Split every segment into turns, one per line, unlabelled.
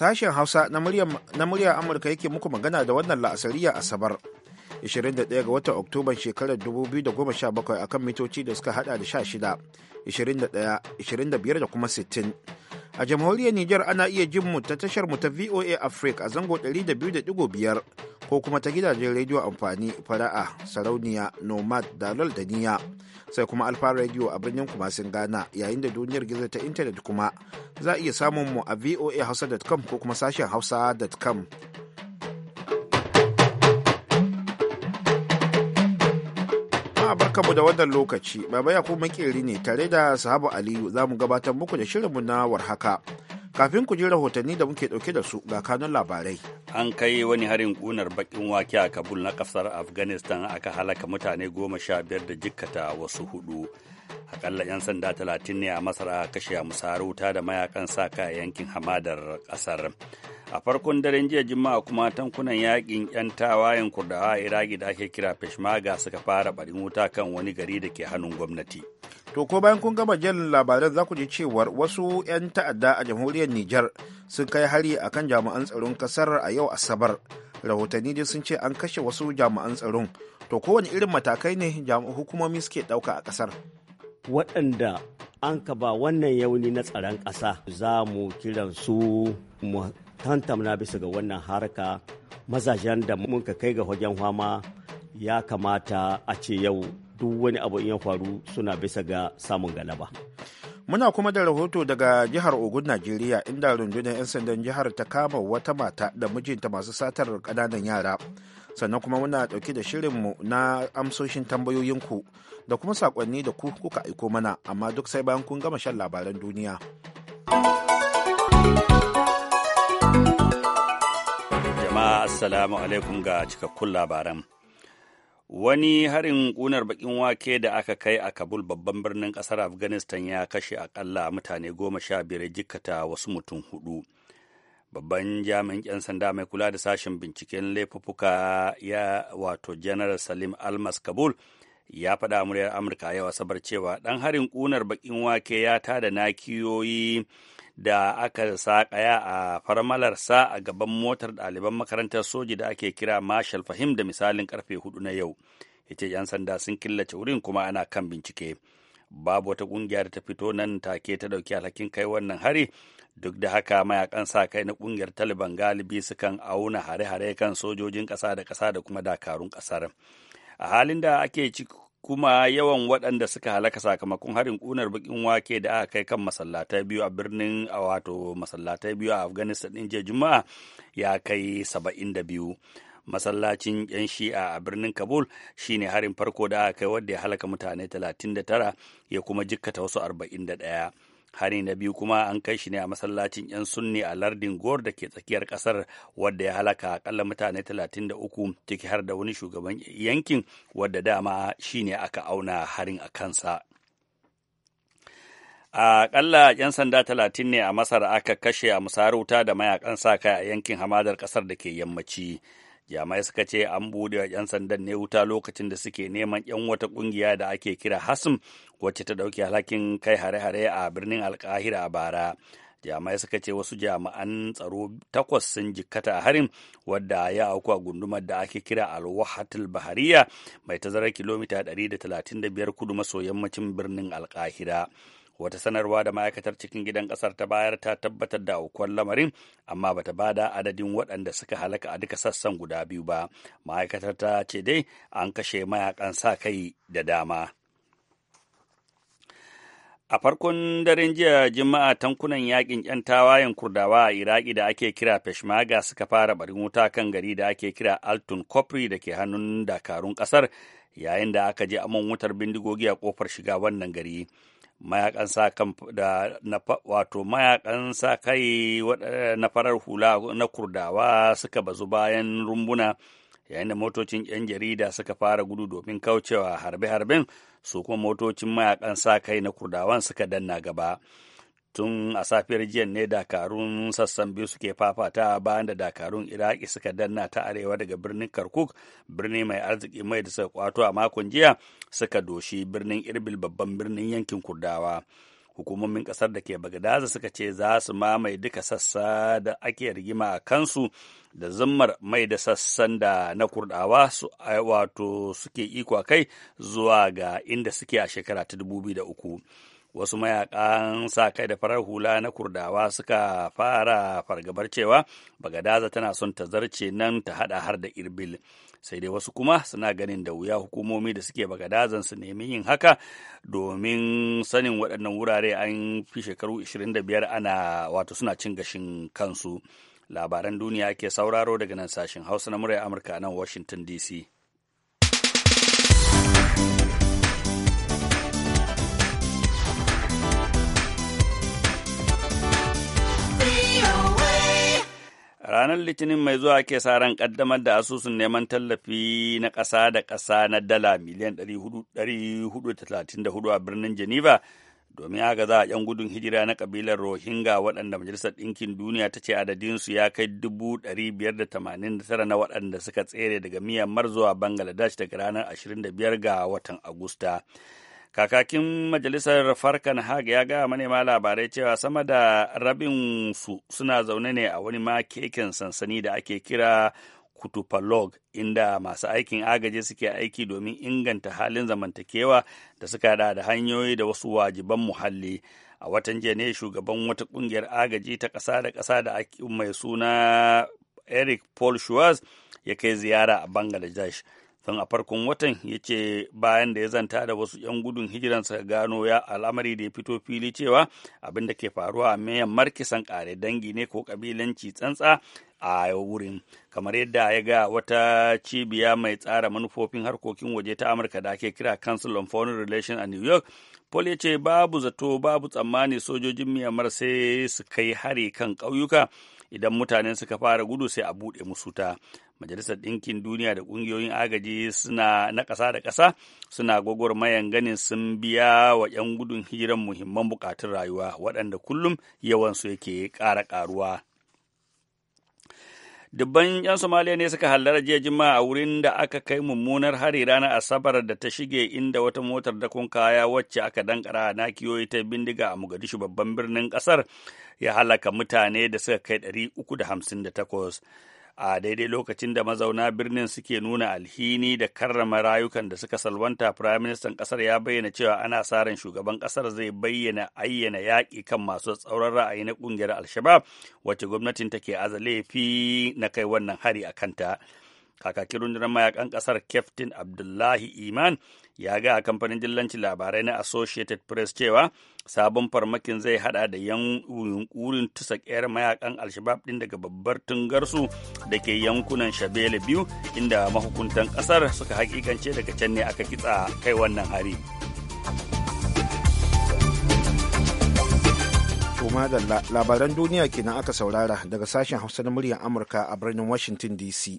Sashen Hausa na muryar Amurka yake muku magana da wannan la'asariya Asabar 21 ga watan oktoba shekarar 2017 akan mitoci da suka hada da 16, 21, 25 da kuma 60. A jamhuriyar Nijar ana iya jin mu ta tashar mu ta VOA Africa a zango 200.5 ko kuma ta gidajen rediyo amfani fara'a sarauniya nomad dalol da niya sai kuma alfa radio a birnin kumasin ghana yayin da duniyar gizo ta intanet kuma za a iya samun mu a voahausa.com ko kuma sashen hausa.com jama'a barkamu da wannan lokaci baba ya kuma makeri ne tare da sahabu aliyu za mu gabatar muku da shirinmu na warhaka kafin ku ji rahotanni da muke dauke da su ga kanun labarai
an kai wani harin kunar bakin wake a kabul na kasar afghanistan aka halaka mutane goma sha biyar da jikkata wasu hudu akalla 'yan sanda talatin ne a masara a kashe musarauta da mayakan sa yankin hamadar kasar a farkon daren jiya juma'a kuma tankunan yakin yan tawayen kurdawa iraki da ake kira peshmerga suka fara barin wuta kan wani gari
da ke hannun gwamnati to ko bayan kun gama jin labaran za ku ji cewar wasu 'yan ta'adda a jamhuriyar Nijar sun kai hari a kan jami'an tsaron kasar a yau asabar rahotanni dai sun ce an kashe wasu jami'an tsaron to kowane irin matakai ne hukumomi suke ɗauka a kasar waɗanda an ka ba wannan yauni na tsaron ƙasa
za mu kiran su mu tantamna bisa ga wannan harka mazajen da mun kai ga wajen hama ya kamata a ce yau duk wani abu
in ya faru suna bisa ga samun galaba. Muna kuma da rahoto daga jihar Ogun Najeriya inda rundunar 'yan sandan jihar ta kama wata mata da mijinta masu satar kananan yara. Sannan kuma muna ɗauke da shirin mu na amsoshin tambayoyinku da kuma saƙonni da ku kuka aiko mana amma duk sai bayan kun gama shan labaran duniya.
Assalamu alaikum ga cikakkun labaran. Wani harin ƙunar bakin wake da aka kai a Kabul babban birnin ƙasar Afghanistan ya kashe akalla mutane goma sha biyar jikkata wasu mutum hudu. Babban jami'in 'yan sanda mai kula da sashen binciken laifuffuka ya wato General Salim Almas Kabul ya faɗa muryar Amurka yau Asabar cewa ɗan harin ƙunar bakin wake ya tada nakiyoyi da aka saƙaya a farmalarsa a gaban motar ɗaliban makarantar soji da ake kira Marshal Fahim da misalin karfe hudu na yau. yace 'yan sanda sun killace wurin kuma ana kan bincike. Babu wata ƙungiya da ta fito nan take ta ɗauki alhakin kai wannan hari, duk da haka mayakan sa kai na ƙungiyar Taliban galibi sukan auna hare-hare kan sojojin ƙasa da ƙasa da kuma dakarun ƙasar. a halin da ake kuma yawan waɗanda suka halaka sakamakon harin ƙunar bakin wake da aka kai kan masallatai biyu a birnin a wato masallatai biyu a afghanistan ɗin jiya juma'a ya kai saba'in da biyu masallacin yan shi'a a birnin kabul shine harin farko da aka kai wadda ya halaka mutane talatin da tara ya kuma jikkata wasu da ɗaya hari na biyu kuma an kai shi ne a masallacin 'yan sunni a lardin gor da ke tsakiyar kasar wadda ya halaka akalla mutane 33 ciki har da wani shugaban yankin wadda dama shi ne aka auna harin a kansa A akalla 'yan sanda talatin ne a Masar aka kashe a musaruta da mayakan sa kai a yankin hamadar ƙasar da ke yammaci. jami'ai suka ce an buɗe wa 'yan sandan ne wuta lokacin da suke neman 'yan wata ƙungiya da ake kira hasim wacce ta ɗauki alhakin kai hare-hare a birnin alkahira a bara jami'ai suka ce wasu jami'an tsaro takwas sun jikkata a harin wadda ya auku a gundumar da ake kira alwahatul bahariya mai tazarar kilomita 135 kudu maso yammacin birnin alkahira wata sanarwa da ma'aikatar cikin gidan kasar ta bayar ta tabbatar da aukuwar lamarin amma bata bada adadin waɗanda suka halaka a duka sassan guda biyu ba ma'aikatar ta ce dai an kashe mayakan sa kai da dama a farkon daren jiya juma'a tankunan yakin yan tawayen kurdawa a iraki da ake kira peshmerga suka fara barin wuta kan gari da ake kira altun kopri da ke hannun dakarun kasar yayin da aka je amon wutar bindigogi a kofar shiga wannan gari mayakan sa kan da na wato mayakan sa kai eh, na farar hula na kurdawa suka bazu bayan rumbuna yayin da motocin 'yan jarida suka fara gudu domin kaucewa harbe-harben su kuma motocin mayakan sa kai na kurdawan suka danna gaba tun a safiyar jiya ne dakarun sassan biyu suke fafata bayan da dakarun iraki suka danna ta arewa daga birnin karkuk birni mai arziki mai da suka kwato a makon jiya suka doshi birnin irbil babban birnin yankin kurdawa hukumomin kasar da ke bagdaza suka ce za su mamaye duka sassa da ake rigima a kansu da zimmar mai da sassan da na kurdawa su wato suke iko kai zuwa ga inda suke a shekara ta 2003 wasu mayakan sa kai da farar hula na kurdawa suka fara fargabar cewa bagadaza tana son ta zarce nan ta hada har da irbil sai dai wasu kuma suna ganin da wuya hukumomi da suke bagadazan su nemi yin haka domin sanin waɗannan wurare an fi shekaru 25 ana wato suna cin gashin kansu labaran duniya ke sauraro daga nan sashen hausa na murya amurka nan washington dc ranar litinin mai zuwa ke sa ran kaddamar da asusun neman tallafi na ƙasa da ƙasa na dala miliyan 434 a birnin geneva domin aka za a yan gudun hijira na kabilar rohingya waɗanda majalisar ɗinkin duniya ta ce adadinsu ya kai 589 na waɗanda suka tsere daga myanmar zuwa bangladesh daga ranar 25 ga watan agusta. kakakin majalisar farkan hag ya gaya manema labarai cewa sama da rabin su suna zaune ne a wani makekin sansani da ake kira kutupalog inda masu aikin agaji suke aiki domin inganta halin zamantakewa da suka da da hanyoyi da wasu wajiban muhalli a watan jiya ne shugaban wata kungiyar agaji ta ƙasa da ƙasa da mai suna eric paul schwartz ya kai ziyara a bangladesh don a farkon watan ya ce bayan da ya zanta da wasu 'yan gudun sa gano ya al'amari da ya fito fili cewa abin da ke faruwa a mayan markisan kare dangi ne ko kabilanci tsantsa a wurin kamar yadda ya ga wata cibiya mai tsara manufofin harkokin waje ta amurka da ake kira council on foreign relations a new york paul ya ce babu zato babu tsammani sojojin myanmar sai su kai hari kan ƙauyuka idan mutane suka fara gudu sai a buɗe musu ta majalisar ɗinkin duniya da ƙungiyoyin agaji suna na ƙasa da ƙasa suna gwagwarmayan ganin sun biya wa 'yan gudun hiran muhimman buƙatun rayuwa waɗanda kullum yawansu yake ƙara ƙaruwa Dubban 'yan Somaliya ne suka hallara jiya Juma'a a wurin da aka kai mummunar hari ranar Asabar da ta shige inda wata motar dakon kaya wacce aka dankara na kiyoyi ta bindiga a Mogadishu babban birnin kasar ya halaka mutane da suka kai 358. a daidai lokacin da mazauna birnin suke nuna alhini da karrama rayukan da suka salwanta firaministan ƙasar ya bayyana cewa ana sa ran shugaban ƙasar zai bayyana ayyana yaƙi kan masu tsauran ra'ayi na ƙungiyar al wacce gwamnatin take aza na kai wannan hari a kanta. kakakin rundunar mayakan kasar captain abdullahi iman ya ga kamfanin dillanci labarai na associated press cewa sabon farmakin zai hada da yunkurin tusa ƙyar mayakan alshabab din daga babbar tungarsu da ke yankunan shabele biyu inda mahukuntan kasar suka hakikance daga can ne aka kitsa kai wannan hari
labaran duniya kenan aka saurara daga sashen hausa na muryar amurka a birnin washington dc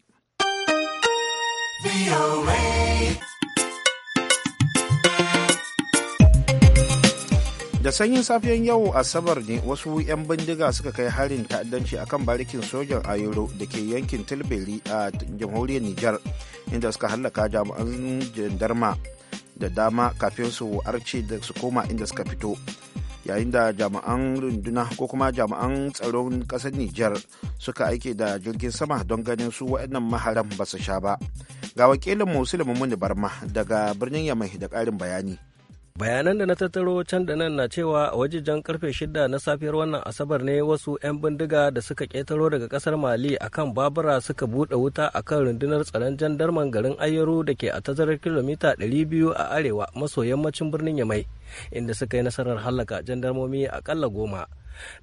da sanyin safiyan yau asabar ne wasu 'yan bindiga suka kai harin ta'addanci akan barikin sojan ayoro da ke yankin tilbeli a jamhuriyar nijar inda suka hallaka jami'an jandarma da dama kafin su arce da su koma inda suka fito yayin da jami'an runduna ko kuma jami'an tsaron ƙasar nijar suka aike da jirgin sama don ganin su waɗannan maharan ba su sha ba Ga wakilin Musulun Muni Barma daga birnin Yamai da ƙarin bayani.
bayanan da na tattaro can da nan na cewa a wajejen karfe shida na safiyar wannan asabar ne wasu 'yan bindiga da suka ketaro daga kasar mali akan babura suka buɗe wuta akan rundunar tsaron jandarman garin ayyaru da ke a tazarar kilomita 200 a arewa maso yammacin birnin yamai inda suka yi nasarar hallaka jandarmomi akalla goma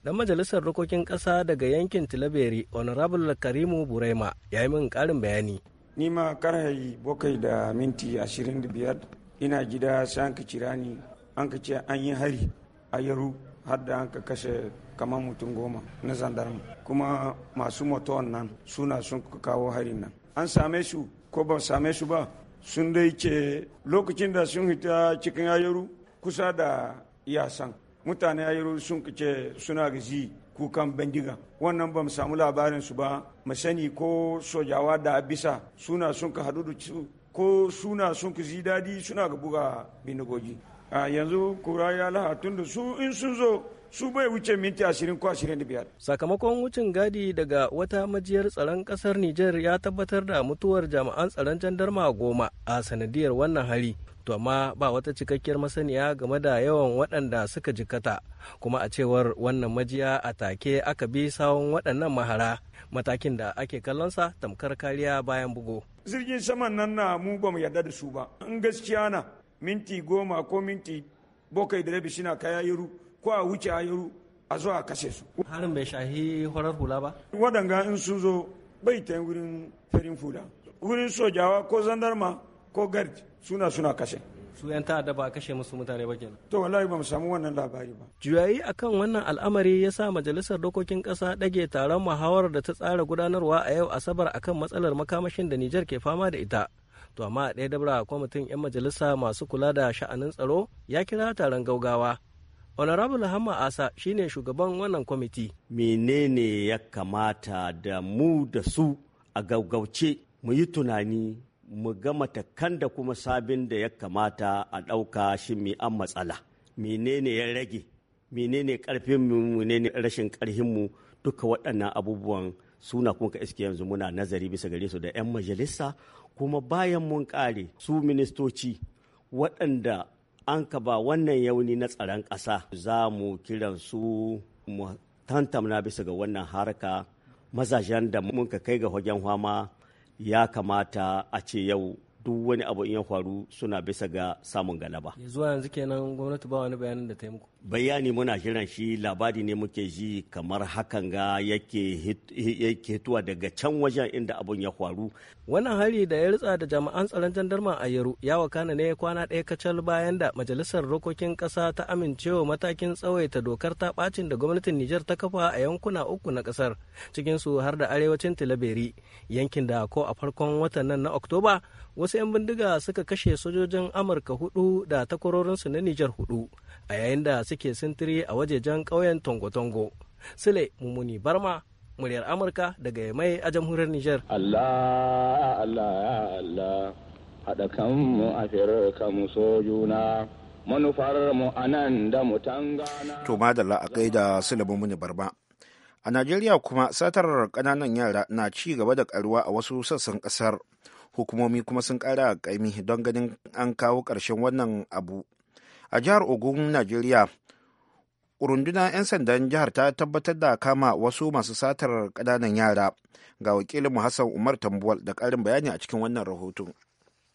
dan majalisar rukokin ƙasa daga yankin tilaberi honorable karimu burema ya yi min ƙarin bayani
n'i nima karhayi bakwai da minti ashirin da biyar ina gida sai an ka kira ni an ka ce an yi hari a yaru har da an ka kashe kamar mutum goma na zandarm kuma masu motowar nan suna sun kawo harin nan an same su ko ba same su ba sun dai ce lokacin da sun hita cikin ayaru kusa da yasan mutane ayaru sun ce suna gazi kukan bandiga wannan ba mu samu labarin su ba mu sani ko sojawa da bisa suna sun ka su ko suna sun ka ji daɗi suna ga buga bindigogi a yanzu kura ya laha tun da su in sun zo su bai wuce minti ashirin ko ashirin da biyar. Sakamakon wucin gadi daga wata majiyar tsaron kasar Nijar ya tabbatar da
mutuwar jami'an tsaron jandarma goma a sanadiyar wannan hari to amma ba wata cikakkiyar masaniya game da yawan waɗanda suka jikata kuma a cewar wannan majiya a take aka bi sawon waɗannan mahara matakin da ake kallonsa tamkar kariya bayan bugo
jirgin saman nan na mu ba mu yarda da su ba in gaskiya na minti goma ko minti bokai da rabi suna kaya yaro ko a wuce a yaro a zo a kashe su harin bai shahi horar hula ba waɗanga in su zo bai ta wurin farin fula wurin sojawa ko zandarma ko gardi suna suna kashe
su yan ta'adda ba a kashe musu mutane ba kenan
to wallahi ba mu samu wannan labari ba juyayi akan wannan al'amari ya sa majalisar
dokokin ƙasa ɗage taron muhawarar da ta tsara gudanarwa a yau asabar akan matsalar makamashin da Nijar ke fama da ita to amma a ɗaya dabra kwamitin 'yan majalisa masu kula da sha'anin
tsaro ya kira taron gaugawa honorable hamma asa shine shugaban wannan kwamiti menene ya kamata da mu da su a gaugauce mu yi tunani mu ga matakan da kuma sabin da ya kamata a ɗauka shi mai an matsala menene ya rage menene ƙarfinmu menene rashin ƙarfinmu duka waɗannan abubuwan suna kuma ka iske yanzu muna nazari bisa gare su da 'yan majalisa kuma bayan mun kare. su ministoci waɗanda an ka ba wannan yauni na tsaron ƙasa za mu kiran su mu tantamna bisa ga wannan harka mazajen da mun ka kai ga hagen hama ya kamata a ce yau duk wani abu in ya faru suna bisa ga samun galaba zuwa
yanzu kenan gwamnati ba wani bayanin da ta yi muku
bayani muna jiran shi labari ne muke ji kamar hakan ga yake hituwa daga can wajen inda abun ya faru wannan hari da ya ritsa da jami'an tsaron jandarma a yaro ya wakana ne kwana ɗaya kacal bayan da
majalisar rokokin ƙasa ta amincewa matakin tsawaita dokar ta bacin da gwamnatin Nijar ta kafa a yankuna uku na ƙasar cikinsu har da arewacin Tilaberi yankin da ko a farkon watan nan na Oktoba wasu 'yan bindiga suka kashe sojojin amurka hudu da takwarorinsu na nijar hudu a yayin da suke sintiri a wajejen ƙauyen tongo-tongo sule mumuni barma muryar amurka daga mai a jamhuriyar nijar allah
allah da mu a
da sule mumuni barma a najeriya kuma satar ƙananan yara na ci gaba da karuwa a wasu sassan ƙasar hukumomi kuma sun kara kaimi don ganin an kawo ƙarshen wannan abu a jihar ogun najeriya rundunar 'yan sandan jihar ta tabbatar da kama wasu masu satar ƙananan yara ga wakilin hassan umar tambuwal da ƙarin bayani a cikin wannan rahoton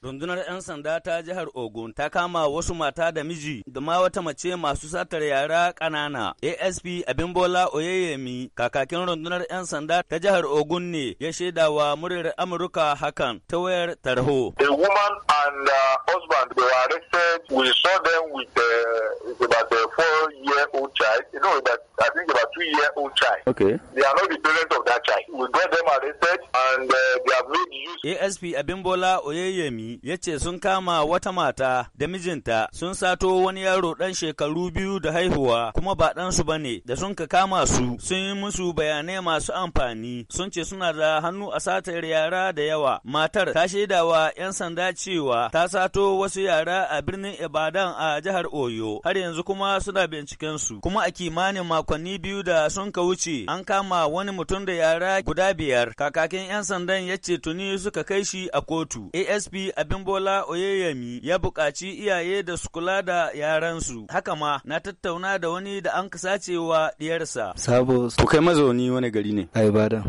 Rundunar 'yan sanda ta jihar Ogun ta kama wasu mata da miji da ma wata mace masu satar yara ƙanana. ASP Abimbola Oyeyemi kakakin rundunar 'yan sanda ta jihar Ogun ne ya shaida wa muryar Amurka hakan ta wayar tarho.
A woman and uh, husband they were arrested. We saw them with uh, about a four-year-old child. You know that I think about two-year-old
child. Okay. They are not the parents of that child. We got them arrested and uh, they have made use. ASP Abimbola Oyeyemi ya ce sun kama wata mata da mijinta sun sato wani yaro ɗan shekaru biyu da haihuwa kuma ba ɗansu ba ne da sun ka kama su sun yi musu bayanai masu amfani sun ce suna da hannu a satar yara da yawa matar ta shaidawa 'yan sanda cewa ta sato wasu yara a birnin Ibadan a jihar Oyo har yanzu kuma suna binciken su kuma a kimanin makonni biyu da sun ka wuce an kama wani mutum da yara guda biyar kakakin 'yan sandan ya ce tuni suka kai shi a kotu ASP abin bola Oyeyemi ya buƙaci iyaye da su kula da yaransu. Haka ma na tattauna da wani da an sacewa diyarsa. Sabo, ku kai mazauni wani gari ne? A Ibadan.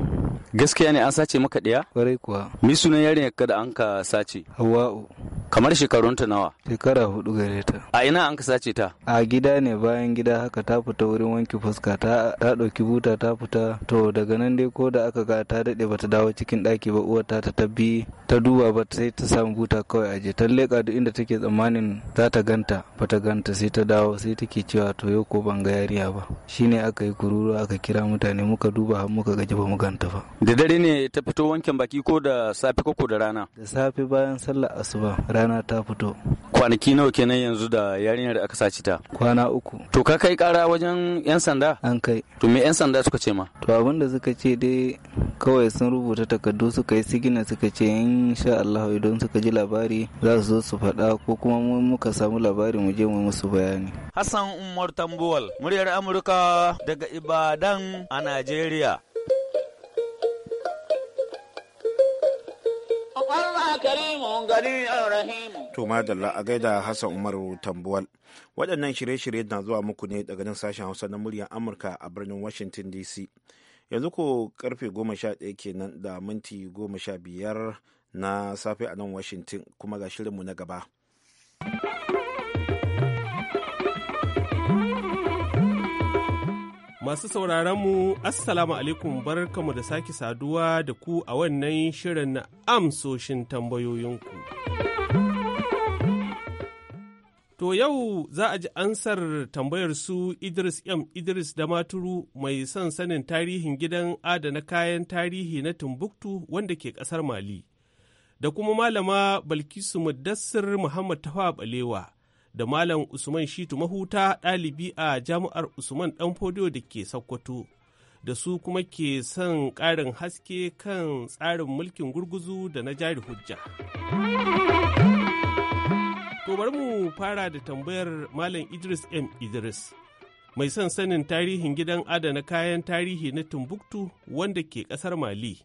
gaskiya ne an sace maka ɗaya? Kwarai kuwa. Mi sunan yarinyar ka da an ka sace? Hawa'u. kamar shekarunta nawa
shekara hudu gare ta a
ina an ka sace ta
a gida ne bayan gida haka ta fita wurin wanke fuska ta ta dauki buta ta fita to daga nan dai ko da aka ga ta dade bata dawo cikin daki ba uwar ta ta bi ta duba ba sai ta samu buta kawai aje ta leka duk inda take tsammanin za ta ganta bata ganta sai ta dawo sai take cewa to yau ko ban ga yariya ba shine aka yi kururu aka kira mutane muka duba har muka gaji ba mu ganta ba
da dare ne ta fito wankin baki ko da safe ko da rana da
safe bayan sallar asuba rana ta fito kwanaki nawa kenan yanzu da
yarinyar da aka sace ta
kwana uku
to ka kai kara wajen yan sanda an kai to me yan sanda suka ce ma
to abin da suka ce dai kawai sun rubuta takardu suka yi sigina suka ce in sha Allah idan suka ji labari za su zo su faɗa ko kuma mu muka samu labari mu je mu musu bayani
Hassan Umar Tambuwal muryar Amurka daga Ibadan
a Najeriya To madalla a gaida Hassan Umar Tambuwal. Waɗannan shirye-shirye na zuwa muku ne daga nan sashen Hausa na muryar Amurka a birnin Washington DC. Yanzu ko karfe goma sha ɗaya kenan da minti goma sha biyar na safe a nan Washington kuma ga shirinmu na gaba. Masu sauraronmu,
Assalamu alaikum barkamu da sake saduwa da ku a wannan shirin na amsoshin tambayoyinku. To yau za a ji ansar tambayar su Idris M. Idris da Maturu mai son sanin tarihin gidan adana kayan tarihi na Timbuktu wanda ke ƙasar Mali, da kuma malama Balkisu Muddassir Muhammad Tafa Balewa. da Malam Usman Shitu Mahuta ɗalibi a jami'ar Usman ɗan Fodiyo da ke Sokoto. Da su kuma ke son ƙarin haske kan tsarin mulkin gurguzu da na jari hujja. To bari mu fara da tambayar Malam Idris M. Idris. Mai son sanin tarihin gidan adana kayan tarihi na Timbuktu wanda ke ƙasar Mali.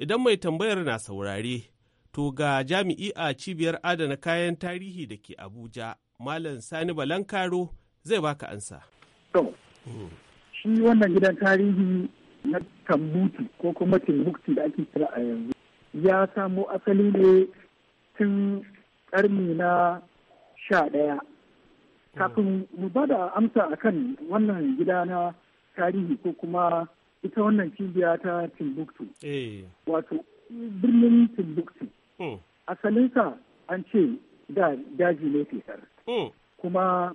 Idan mai tambayar na saurare, to ga jami'i a cibiyar adana kayan tarihi da ke Abuja Malam Sani Balankaro zai baka ansa. To, hmm.
shi wannan gidan tarihi na Tambuti ko kuma Timbuktu da ake kira a yanzu ya samo asali ne tun karni na sha ɗaya. Hmm. Kafin mu ba da amsa kan wannan gida na tarihi ko kuma ita wannan cibiya ta Timbuktu. Eh. Wato, birnin Timbuktu. Hmm. Asalinsa an ce da daji ne fesar. Oh. kuma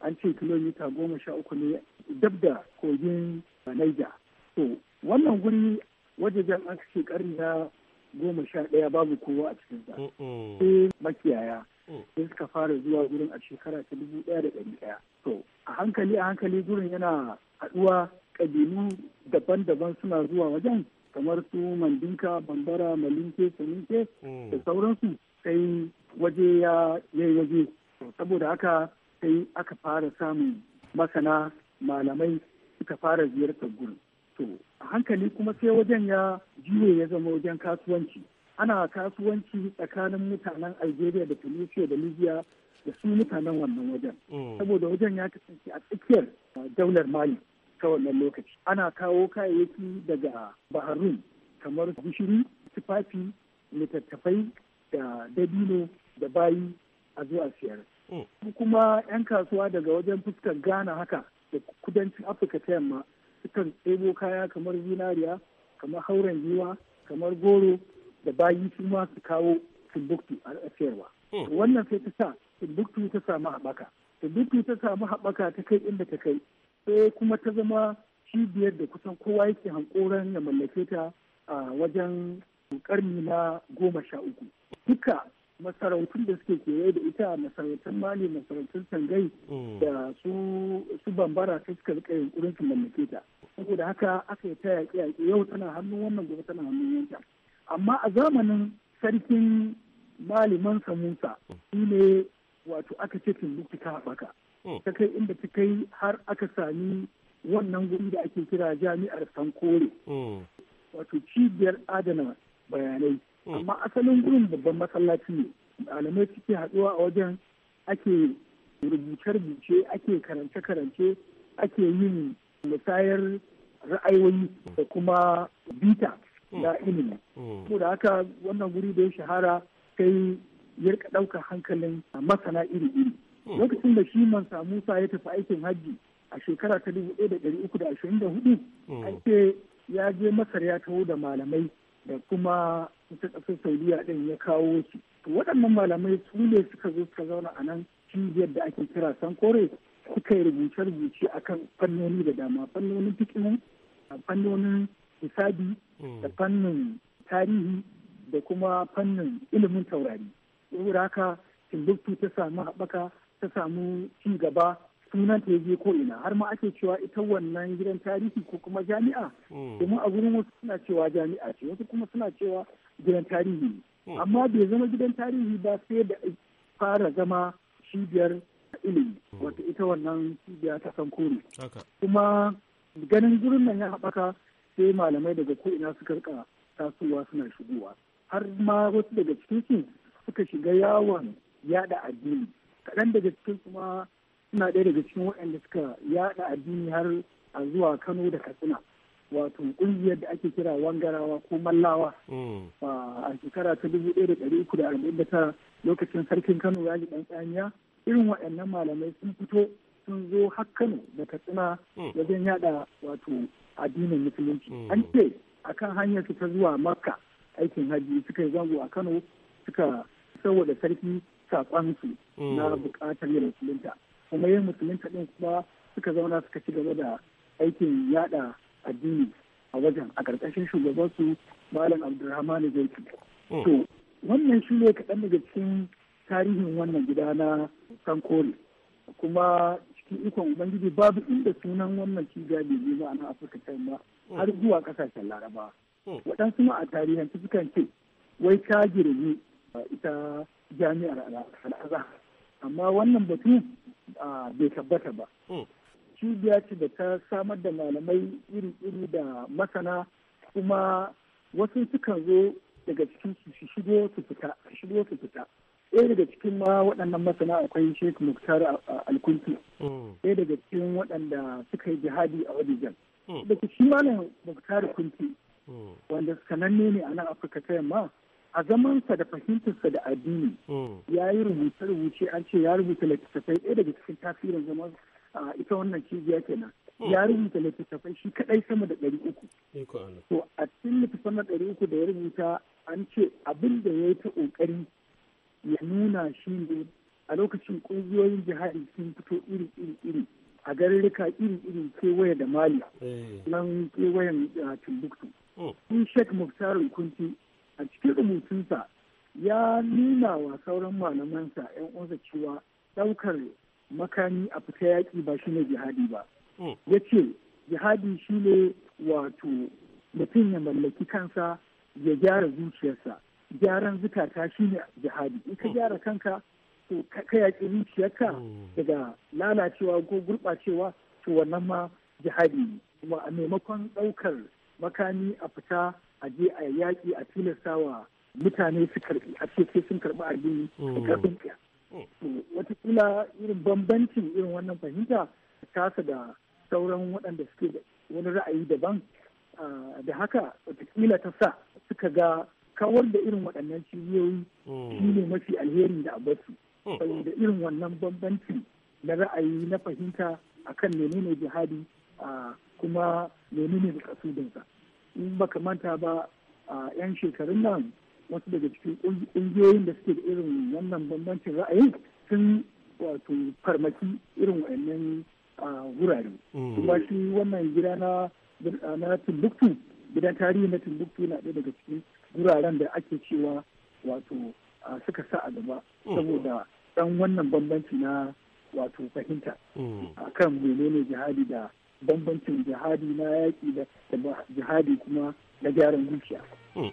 an ce kilomita goma sha uku ne dab da kogin Niger. To wannan guri wajajen an ce karni na goma sha ɗaya babu kowa a
cikin sa. Oh, oh. Sai
makiyaya sai suka fara zuwa gurin a shekara ta dubu ɗaya da ɗari ɗaya. To a hankali a hankali gurin yana haɗuwa ƙabilu daban-daban suna zuwa wajen kamar su mandinka bambara malinke saminke da sauransu sai waje ya yi waje saboda haka sai aka fara samun masana malamai suka fara ziyartar gurin to a hankali kuma sai wajen ya juye ya zama wajen kasuwanci ana kasuwanci tsakanin mutanen algeria da tunisia da libya da su mutanen wannan wajen mm. saboda wajen ya kasance a tsakiyar uh, daular mali ta wannan lokaci ana kawo kayayyaki daga baharun kamar gishiri tufafi littattafai da dabino da bayi a zuwa siyar
Oh. kuma
'yan kasuwa daga wajen fuskar ghana haka da kudancin afirka ta yamma sukan tsebo kaya kamar zinariya kamar hauren giwa kamar goro da bayi su ma su kawo timbuktu a sayarwa oh. wannan sai ta sa timbuktu ta samu haɓaka timbuktu ta samu haɓaka ta kai inda ta kai sai kuma ta zama cibiyar da kusan kowa yake hankoran ya mallake ta a wajen karni na goma sha uku duka masarautun da suke kewaye da ita masarautun mali masarautun sangai
mm. da
su bambara su suka rika yunkurin su mallake ta saboda haka aka yi ta yaƙi yaƙi yau tana hannun wannan gobe tana hannun yanta amma a zamanin sarkin maliman samusa shi ne wato aka ce timbuktu ta haɓaka mm. ta kai inda ta kai har aka sami wannan guri da ake kira jami'ar sankore mm. wato cibiyar adana bayanai Mm. amma asalin gurin babban masallaci ne malamai suke haɗuwa a wajen ake rubuce-rubuce ake karance-karance ake yin musayar ra'ayoyi da kuma bita mm. na ilimi ko mm. da haka wannan guri da ya shahara sai ya rika ɗaukar hankalin masana iri-iri lokacin da shi mansa musa ya tafi aikin hajji a shekara ta dubu ɗaya da ɗari uku da ashirin da hudu ya je masar ya taho da malamai da kuma ita ƙasar saudiya ɗin ya kawo su waɗannan malamai su ne suka zo suka zauna a nan cibiyar da ake kira sankore suka yi rubuce-rubuce kan fannoni da dama fannonin a fannonin hisabi hmm. da fannin tarihi da kuma fannin ilimin taurari saboda haka timbuktu ta samu haɓaka ta samu ci gaba sunan ta je ko ina har ma ake cewa ita wannan gidan tarihi ko kuma jami'a hmm. domin a gurin wasu suna cewa jami'a ce wasu kuma suna cewa gidan tarihi ne hmm. amma bai zama gidan tarihi ba sai da fara zama cibiyar ilimi hmm. wata ita wannan cibiya ta sankore kuma ganin gurin nan ya haɓaka sai malamai daga ko ina suka rika tasowa suna shigowa har ma wasu daga cikin suka shiga yawon yada addini kaɗan daga cikin kuma suna ɗaya daga cikin waɗanda suka yaɗa addini har a zuwa kano da katsina wato ƙungiyar da ake kira wangarawa ko mallawa mm. a shekara ta dubu ɗaya da ɗari uku da arba'in da tara lokacin sarkin kano ya ji ɗan tsaniya irin waɗannan malamai sun fito sun zo har kano da katsina mm. wajen yaɗa wato addinin musulunci mm. an ce kan hanyar su ta zuwa makka aikin hajji suka yi zango a kano suka saboda sarki su na buƙatar yin musulunta kuma yin musulun din kuma suka zauna suka ci gaba da aikin yada addini a wajen a ƙarƙashin shugabansu malam abdulrahman zaiki hmm. to wannan shi ne kaɗan daga cikin tarihin wannan gida na sankore kuma cikin ikon ubangiji babu inda sunan wannan cibiya bai yi ba a afirka ta yamma hmm. har zuwa ƙasashen laraba hmm. waɗansu ma a tarihin sukan ce wai ta girmi ita jami'ar al'azhar amma wannan batu bai tabbata ba hmm. cibiya ce da ta samar da malamai iri-iri da masana kuma wasu sukan zo daga cikin su shigo su fita su shigo su fita ɗaya daga cikin ma waɗannan masana akwai sheikh muktar alkunti hmm. ɗaya daga cikin waɗanda suka yi jihadi a Wadijan. Hmm. da shi malam muktar kunti wanda sananne ne a nan afirka ta yamma a zamansa da fahimtarsa da addini hmm. ya yi rubuce-rubuce an ce ya rubuta littattafai ɗaya daga cikin tasirin zaman ita wannan cibiya kenan hmm. ya rubuta littattafai shi kadai sama da ɗari uku to a cikin littattafan na ɗari uku da ya rubuta an ce abin da ya yi ta ƙoƙari ya nuna shi ne a lokacin ƙungiyoyin jihadi sun fito iri-iri iri. a garurruka iri-iri kewaye da mali eh. nan kewayen timbuktu hmm. sun shek muftarin kunti a cikin rubutunsa ya nuna wa sauran malamansa 'yan uwansa cewa daukar makami a fita yaƙi ba shi ne jihadi ba hmm. ya ce jihadi shi ne wato mutum ya mallaki kansa ya gyara zuciyarsa gyaran zukata shi ne jihadi in ka hmm. gyara kanka to ka yaƙi zuciyarka hmm. daga lalacewa ko gurɓacewa to wannan ma jihadi ne a maimakon ɗaukar makami a fita a je a yaƙi a tilasta wa mutane su karɓi a ce sai sun karɓi a da mm. mm. Wataƙila irin bambancin irin wannan fahimta tasa da sauran waɗanda suke da wani ra'ayi daban da haka wataƙila ta sa suka ga kawar da irin waɗannan cibiyoyi mm. shi ne mafi alheri da abasu. Saboda irin wannan bambancin na ra'ayi na fahimta akan menene jihadi kuma menene da kasudinsa. in ba manta ba a 'yan shekarun nan wasu daga cikin ƙungiyoyin da suke da irin wannan bambancin ra'ayin sun wato farmaki irin wa'annan wurare mm. kuma shi wannan gida na na Timbuktu gidan tarihi na Timbuktu na ɗaya daga cikin wuraren da ake cewa wato suka sa a gaba mm. saboda ɗan wannan bambanci na wato fahimta mm. akan menene jihadi da bambancin jihadi na yaƙi da jihadi kuma na gyaran zuciya.
Hmm.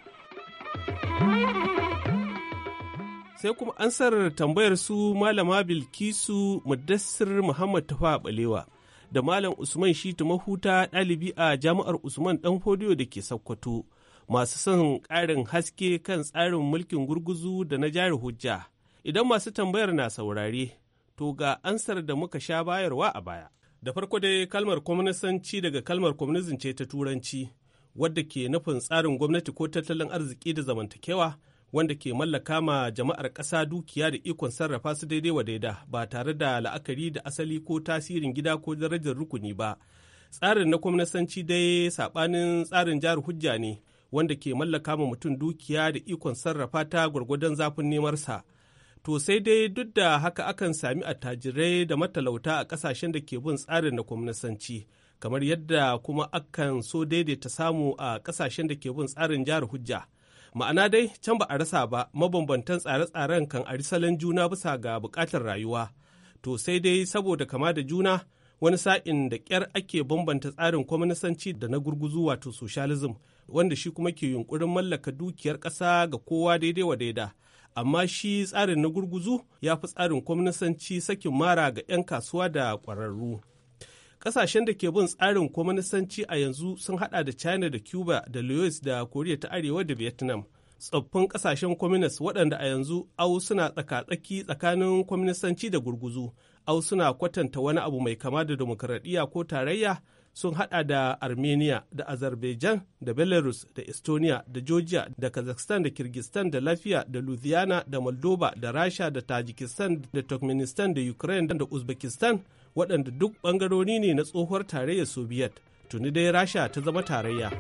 Sai kuma ansar tambayar su Malama Bilkisu Mudassir Muhammad Tafa Balewa da Malam Usman Shitu Mahuta ɗalibi a Jami'ar Usman Ɗan Fodiyo da ke Sokoto masu son ƙarin haske kan tsarin mulkin gurguzu da na jari hujja. Idan masu tambayar na saurare, to ga ansar da muka sha bayarwa a baya. Da farko dai kalmar kwamnisanci daga kalmar kwamnizm ce ta turanci, wadda ke nufin tsarin gwamnati ko tattalin arziki da zamantakewa wanda ke mallaka ma jama'ar ƙasa dukiya da ikon sarrafa su daidai wa daida ba tare da la'akari da asali ko tasirin gida ko darajar rukuni ba. Tsarin na kwamnisanci dai saɓanin tsarin jihar hujja ne wanda ke mallaka ma mutum dukiya da ikon sarrafa ta gwargwadon zafin nemarsa. sa. To sai dai duk da haka akan sami attajirai da matalauta a kasashen da ke bin tsarin na kwamnasanci, kamar yadda kuma akan so daidaita samu a kasashen da ke bin tsarin jihar hujja. Ma'ana dai can ba a rasa ba mabambantan tsare-tsaren kan ari salon juna bisa ga bukatar rayuwa. To sai dai saboda kama da juna wani sa'in da ƙyar ake bambanta tsarin kwamnasanci da na gurguzu wato socialism wanda shi kuma ke yunkurin mallaka dukiyar ƙasa ga kowa daidai wa daida. amma shi tsarin na gurguzu ya fi tsarin kwamnisanci sakin mara ga 'yan kasuwa da ƙwararru. Ƙasashen da ke bin tsarin kwamnisanci a yanzu sun hada da China da Cuba da Louis da Koriya ta Arewa da Vietnam. Tsoffin ƙasashen kwaminis waɗanda a yanzu au suna tsaka-tsaki tsakanin kwamnisanci da gurguzu, au suna kwatanta wani abu mai kama da dimokuraɗiyya ko tarayya sun hada da armenia da azerbaijan da belarus da estonia da georgia da kazakhstan da kirgistan da lafiya da louisiana da moldova da rasha da tajikistan da turkmenistan da ukraine da uzbekistan waɗanda duk ɓangarori ne na tsohuwar tarayyar soviet tuni dai rasha ta zama tarayya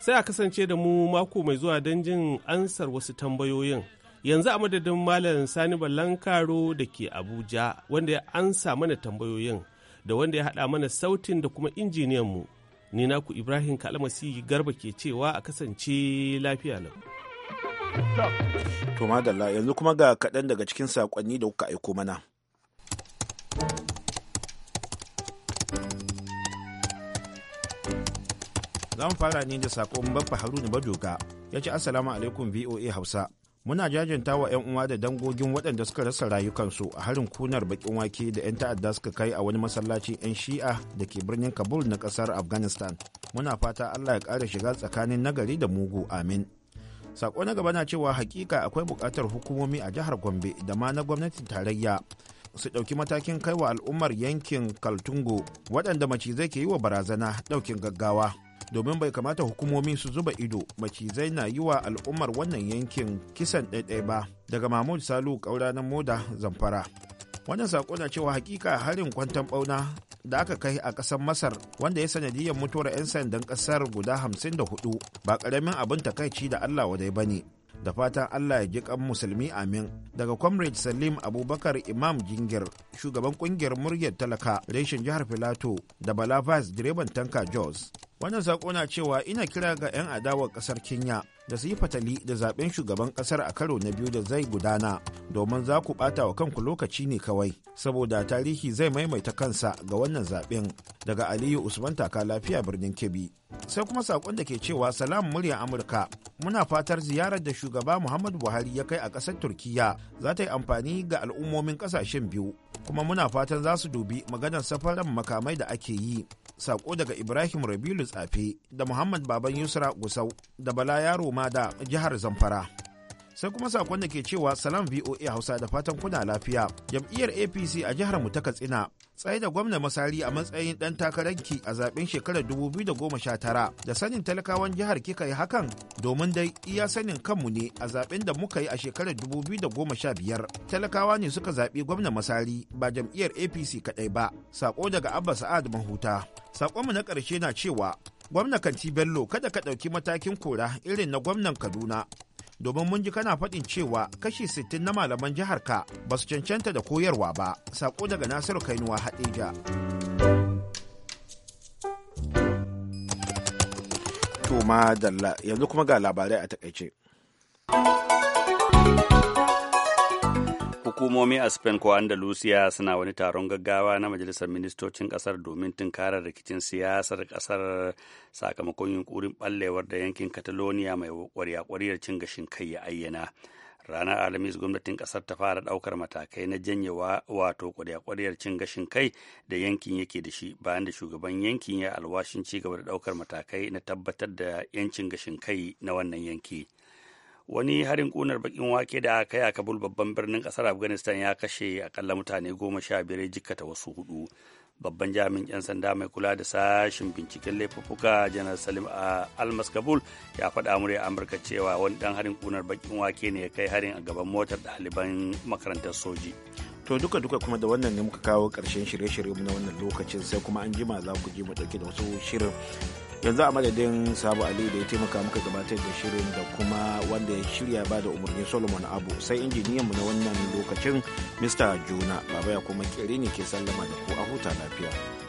sai a kasance da mu mako mai zuwa don jin ansar wasu tambayoyin yanzu a madadin malam sani balankaro da ke abuja wanda ya ansa mana tambayoyin da wanda ya haɗa mana sautin da kuma injiniyanmu. Ni naku Ibrahim Kalmasi Garba ke cewa a kasance lafiya
lau. To madalla yanzu kuma ga kaɗan daga cikin saƙonni da kuka aiko mana. Za fara ne da saƙon babba Haruna Badoga ya ce Assalamu alaikum VOA Hausa. muna jajanta wa 'yan uwa da dangogin waɗanda suka rasa rayukansu a harin kunar bakin wake da 'yan ta'adda suka kai a wani masallacin 'yan shi'a da ke birnin kabul na ƙasar afghanistan muna fata allah ya ƙara shiga tsakanin nagari da mugu amin sako na gaba na cewa hakika akwai buƙatar hukumomi a jihar gombe da ma na gwamnatin tarayya su ɗauki matakin kai wa al'ummar yankin kaltungo waɗanda macizai ke yi wa barazana ɗaukin gaggawa domin bai kamata hukumomi su zuba ido macizai na yi wa al'ummar wannan yankin kisan ɗaiɗai ba daga mahmud salu ƙaura na moda zamfara wannan saƙo na cewa hakika harin kwantan ɓauna da aka kai a ƙasar masar wanda ya sanadiyar mutuwar 'yan sandan ƙasar guda hamsin da hudu ba ƙaramin abin takaici da allah wadai ba ne da fatan Allah ya ji ƙan musulmi amin daga comrade salim abubakar imam jingir shugaban ƙungiyar muryar talaka reshen jihar filato da bala direban tanka jos wannan sako na cewa ina kira ga 'yan adawar ƙasar kenya da su yi fatali da zaɓen shugaban ƙasar a karo na biyu da zai gudana domin za ku bata wa kanku lokaci ne kawai saboda tarihi zai maimaita kansa ga wannan zaɓen daga aliyu usman taka lafiya birnin kebbi sai kuma sakon da ke cewa salam murya amurka muna fatar ziyarar da shugaba muhammadu buhari ya kai a ƙasar turkiya za ta yi amfani ga al'ummomin ƙasashen biyu kuma muna fatan za su dubi maganar safarar makamai da ake yi sako daga Ibrahim Rabilu Tsafe da Muhammad Baban Yusra Gusau da Bala Yaro Mada jihar Zamfara. sai kuma sakon da ke cewa salam voa hausa da fatan kuna lafiya jam'iyyar apc a jihar mu ta katsina tsaye da gwamna masari a matsayin dan takaranki a zaben shekarar biyu da goma sha tara. Da sanin talakawan jihar kika yi hakan domin dai iya sanin kanmu ne a zaben da muka yi a shekarar dubu biyu da goma sha biyar. talakawa ne suka zaɓi gwamna masari ba jam'iyyar apc kaɗai ba sako daga abba sa'ad mahuta sakonmu na ƙarshe na cewa gwamna kanti bello kada ka ɗauki matakin kora irin na gwamnan kaduna domin mun ji kana faɗin cewa kashi 60 na malaman jihar ka ba su cancanta da koyarwa ba sako daga nasiru kainuwa haɗeja to yanzu kuma ga labarai a takaice
Hukumomi a Spain ko Andalusia suna wani taron gaggawa na Majalisar Ministocin Kasar domin tunkarar rikicin siyasar kasar sakamakon yunkurin ɓallewar da yankin Catalonia mai kwarya-kwaryar cin gashin kai ya ayyana. ranar alhamis gwamnatin kasar ta fara daukar matakai na janye wato kwarya cin gashin kai da yankin yake da shi bayan da shugaban yankin ya alwashin ci gaba da daukar matakai na tabbatar da yancin gashin kai na wannan yanki wani harin kunar bakin wake da aka yi a kabul babban birnin kasar afghanistan ya kashe akalla mutane goma sha biyar jikkata wasu hudu babban jami'in 'yan sanda mai kula da sashin binciken laifuka janar salim a almas kabul ya faɗa murya amurka cewa wani dan harin kunar bakin wake ne ya kai harin a gaban motar ɗaliban makarantar soji
to duka duka kuma da wannan ne muka kawo ƙarshen shirye-shirye na wannan lokacin sai kuma an jima za ku ji mu ɗauke da wasu shirin yanzu a madadin sabu ali da ya taimaka muka gabatar da shirin da kuma wanda ya shirya ba da umarni solomon abu sai injiniyan mu na wannan lokacin mr juna baba ya kuma kere ne ke sallama da ku a huta lafiya